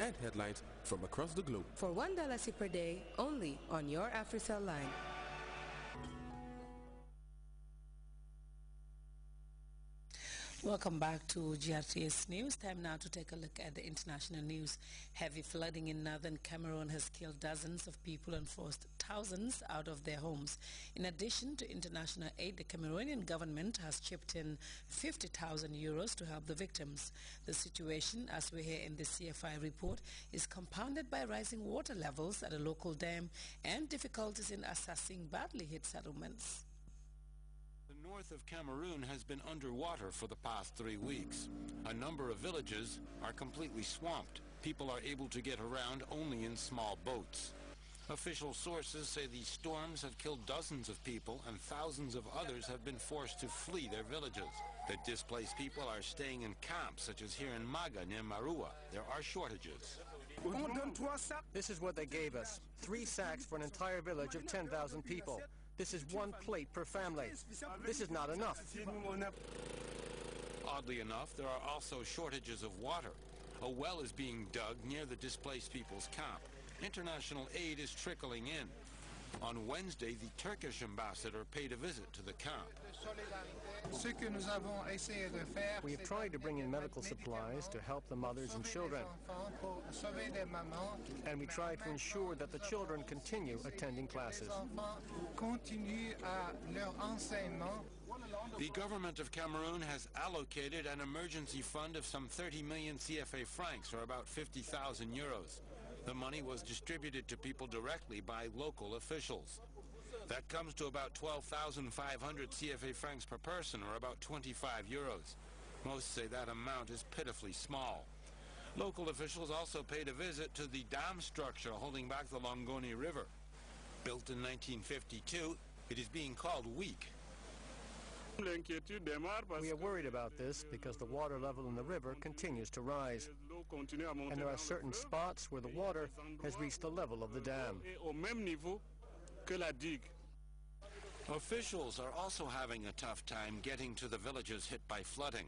and headlines from across the globe. For $1 per day only on your AfriCell line. Welcome back to GRTS News. Time now to take a look at the international news. Heavy flooding in northern Cameroon has killed dozens of people and forced thousands out of their homes. In addition to international aid, the Cameroonian government has chipped in 50,000 euros to help the victims. The situation, as we hear in the CFI report, is compounded by rising water levels at a local dam and difficulties in assessing badly hit settlements north of Cameroon has been underwater for the past three weeks. A number of villages are completely swamped. People are able to get around only in small boats. Official sources say these storms have killed dozens of people and thousands of others have been forced to flee their villages. The displaced people are staying in camps, such as here in Maga near Marua. There are shortages. This is what they gave us, three sacks for an entire village of 10,000 people. This is one plate per family. This is not enough. Oddly enough, there are also shortages of water. A well is being dug near the displaced people's camp. International aid is trickling in, on Wednesday, the Turkish ambassador paid a visit to the camp. We have tried to bring in medical supplies to help the mothers and children. And we try to ensure that the children continue attending classes. The government of Cameroon has allocated an emergency fund of some 30 million CFA francs, or about 50,000 euros. The money was distributed to people directly by local officials. That comes to about 12,500 CFA francs per person, or about 25 euros. Most say that amount is pitifully small. Local officials also paid a visit to the dam structure holding back the Longoni River. Built in 1952, it is being called weak we are worried about this because the water level in the river continues to rise, and there are certain spots where the water has reached the level of the dam. Officials are also having a tough time getting to the villages hit by flooding.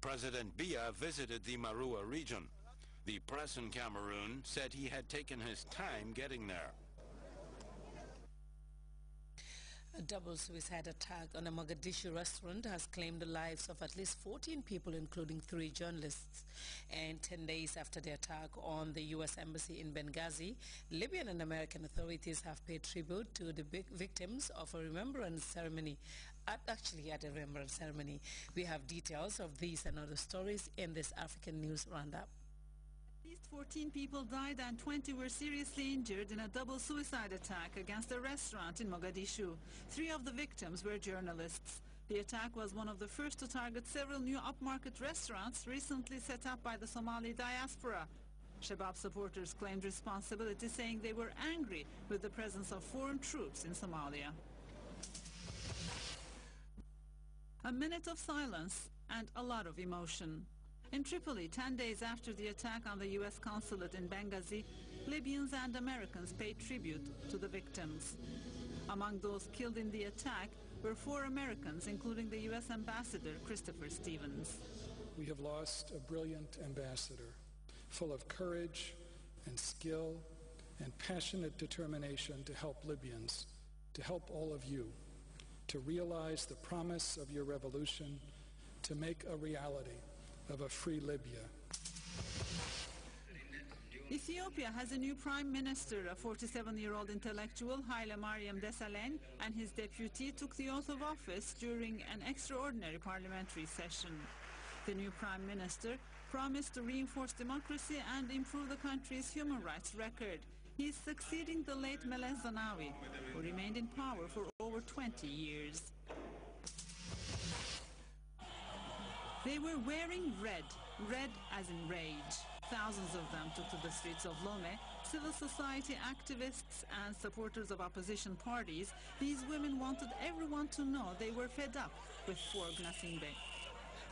President Biya visited the Marua region. The press in Cameroon said he had taken his time getting there. A double suicide attack on a Mogadishu restaurant has claimed the lives of at least 14 people, including three journalists. And 10 days after the attack on the U.S. Embassy in Benghazi, Libyan and American authorities have paid tribute to the victims of a remembrance ceremony, at, uh, actually at a remembrance ceremony. We have details of these and other stories in this African News Roundup least 14 people died and 20 were seriously injured in a double suicide attack against a restaurant in Mogadishu. Three of the victims were journalists. The attack was one of the first to target several new upmarket restaurants recently set up by the Somali diaspora. Shabab supporters claimed responsibility saying they were angry with the presence of foreign troops in Somalia. A minute of silence and a lot of emotion. In Tripoli, 10 days after the attack on the U.S. consulate in Benghazi, Libyans and Americans paid tribute to the victims. Among those killed in the attack were four Americans, including the U.S. ambassador, Christopher Stevens. We have lost a brilliant ambassador, full of courage and skill and passionate determination to help Libyans, to help all of you, to realize the promise of your revolution, to make a reality of a free Libya. Ethiopia has a new prime minister. A 47-year-old intellectual, Haile Mariam Desalegn, and his deputy took the oath of office during an extraordinary parliamentary session. The new prime minister promised to reinforce democracy and improve the country's human rights record. He is succeeding the late Meles Zenawi, who remained in power for over 20 years. They were wearing red, red as in rage. Thousands of them took to the streets of Lome, civil society activists and supporters of opposition parties. These women wanted everyone to know they were fed up with Forg Nasimbe.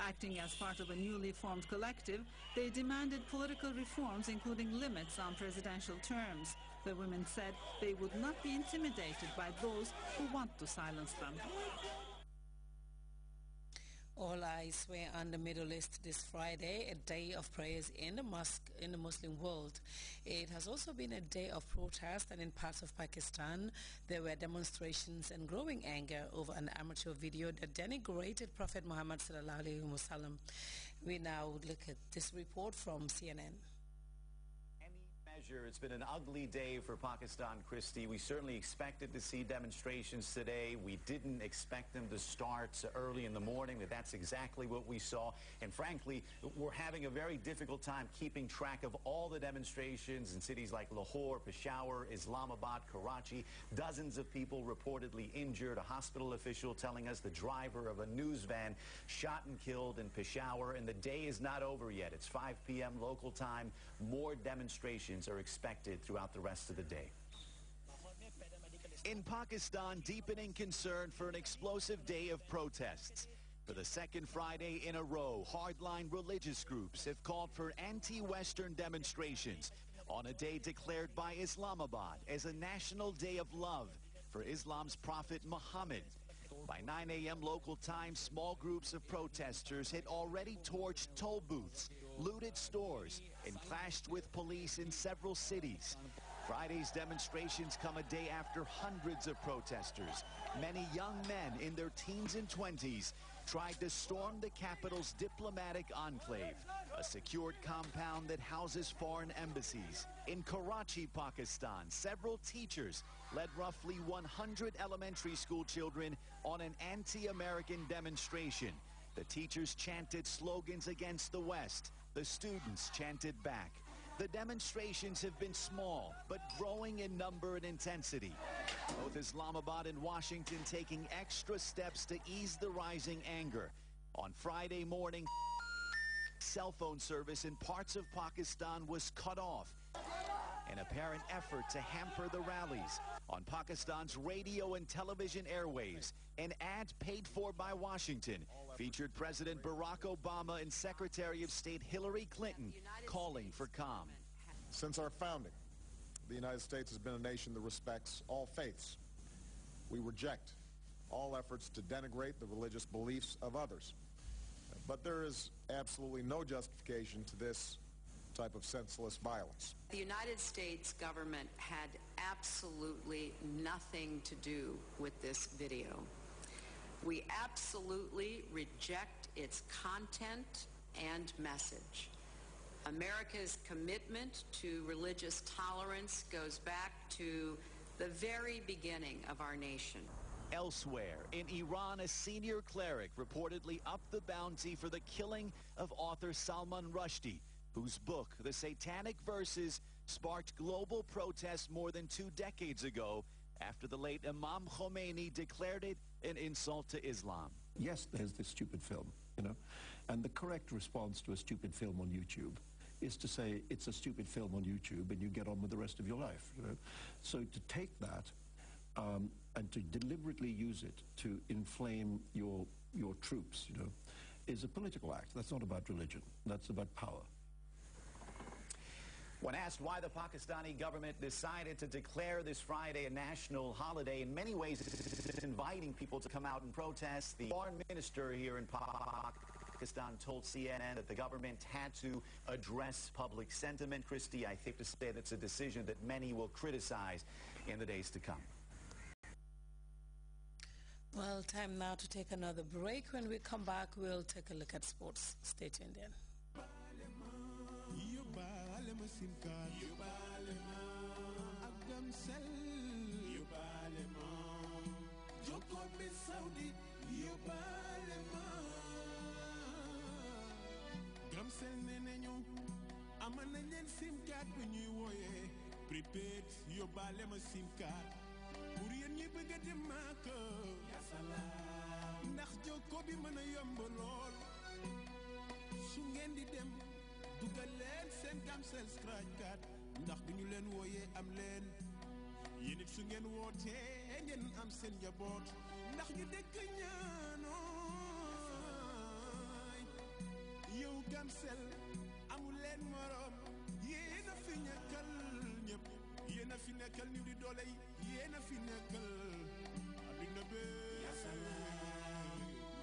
Acting as part of a newly formed collective, they demanded political reforms including limits on presidential terms. The women said they would not be intimidated by those who want to silence them. All eyes were on the Middle East this Friday, a day of prayers in the mosque in the Muslim world. It has also been a day of protest and in parts of Pakistan there were demonstrations and growing anger over an amateur video that denigrated Prophet Muhammad sallallahu alaihi wasallam. We now look at this report from CNN measure, it's been an ugly day for Pakistan, Christie. We certainly expected to see demonstrations today. We didn't expect them to start early in the morning, but that's exactly what we saw. And frankly, we're having a very difficult time keeping track of all the demonstrations in cities like Lahore, Peshawar, Islamabad, Karachi. Dozens of people reportedly injured. A hospital official telling us the driver of a news van shot and killed in Peshawar. And the day is not over yet. It's 5 p.m. local time. More demonstrations are expected throughout the rest of the day. In Pakistan, deepening concern for an explosive day of protests. For the second Friday in a row, hardline religious groups have called for anti-Western demonstrations on a day declared by Islamabad as a national day of love for Islam's prophet Muhammad. By 9 a.m. local time, small groups of protesters had already torched toll booths looted stores, and clashed with police in several cities. Friday's demonstrations come a day after hundreds of protesters, many young men in their teens and 20s, tried to storm the capital's diplomatic enclave, a secured compound that houses foreign embassies. In Karachi, Pakistan, several teachers led roughly 100 elementary school children on an anti-American demonstration. The teachers chanted slogans against the West the students chanted back. The demonstrations have been small, but growing in number and intensity. Both Islamabad and Washington taking extra steps to ease the rising anger. On Friday morning, cell phone service in parts of Pakistan was cut off. An apparent effort to hamper the rallies on Pakistan's radio and television airwaves, an ad paid for by Washington featured President Barack Obama and Secretary of State Hillary Clinton calling for calm. Since our founding, the United States has been a nation that respects all faiths. We reject all efforts to denigrate the religious beliefs of others. But there is absolutely no justification to this type of senseless violence. The United States government had absolutely nothing to do with this video. We absolutely reject its content and message. America's commitment to religious tolerance goes back to the very beginning of our nation. Elsewhere, in Iran, a senior cleric reportedly upped the bounty for the killing of author Salman Rushdie, whose book, The Satanic Verses, sparked global protests more than two decades ago after the late Imam Khomeini declared it an insult to Islam. Yes, there's this stupid film, you know, and the correct response to a stupid film on YouTube is to say it's a stupid film on YouTube and you get on with the rest of your life. You know? So to take that um, and to deliberately use it to inflame your, your troops, you know, is a political act. That's not about religion. That's about power. When asked why the Pakistani government decided to declare this Friday a national holiday, in many ways it's inviting people to come out and protest, the foreign minister here in Pakistan told CNN that the government had to address public sentiment. Christie, I think to say that's a decision that many will criticize in the days to come. Well, time now to take another break. When we come back, we'll take a look at sports. Stay tuned in. sim card yu baale ma ak dem sel yu baale bi saudi yu gamsel ne nañu ama nañ leen sim card bu ñuy wooyee oh, prepaid yu baale ma sim card pour ñi bëgg ndax bi mën yomb lool su ngeen di dem dugal leen seen gamsel scratch ndax bu ñu leen wooyee am leen yéen su ngeen wootee ngeen am seen njaboot ndax ñu dëkk ñaanooy yow gamsel amul leen moroom yéen a fi nekkal ñëpp yéen fi nekkal niw di doole yi yéen fi nekkal adduna bee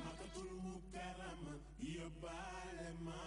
makatul mu karam yóbbaale ma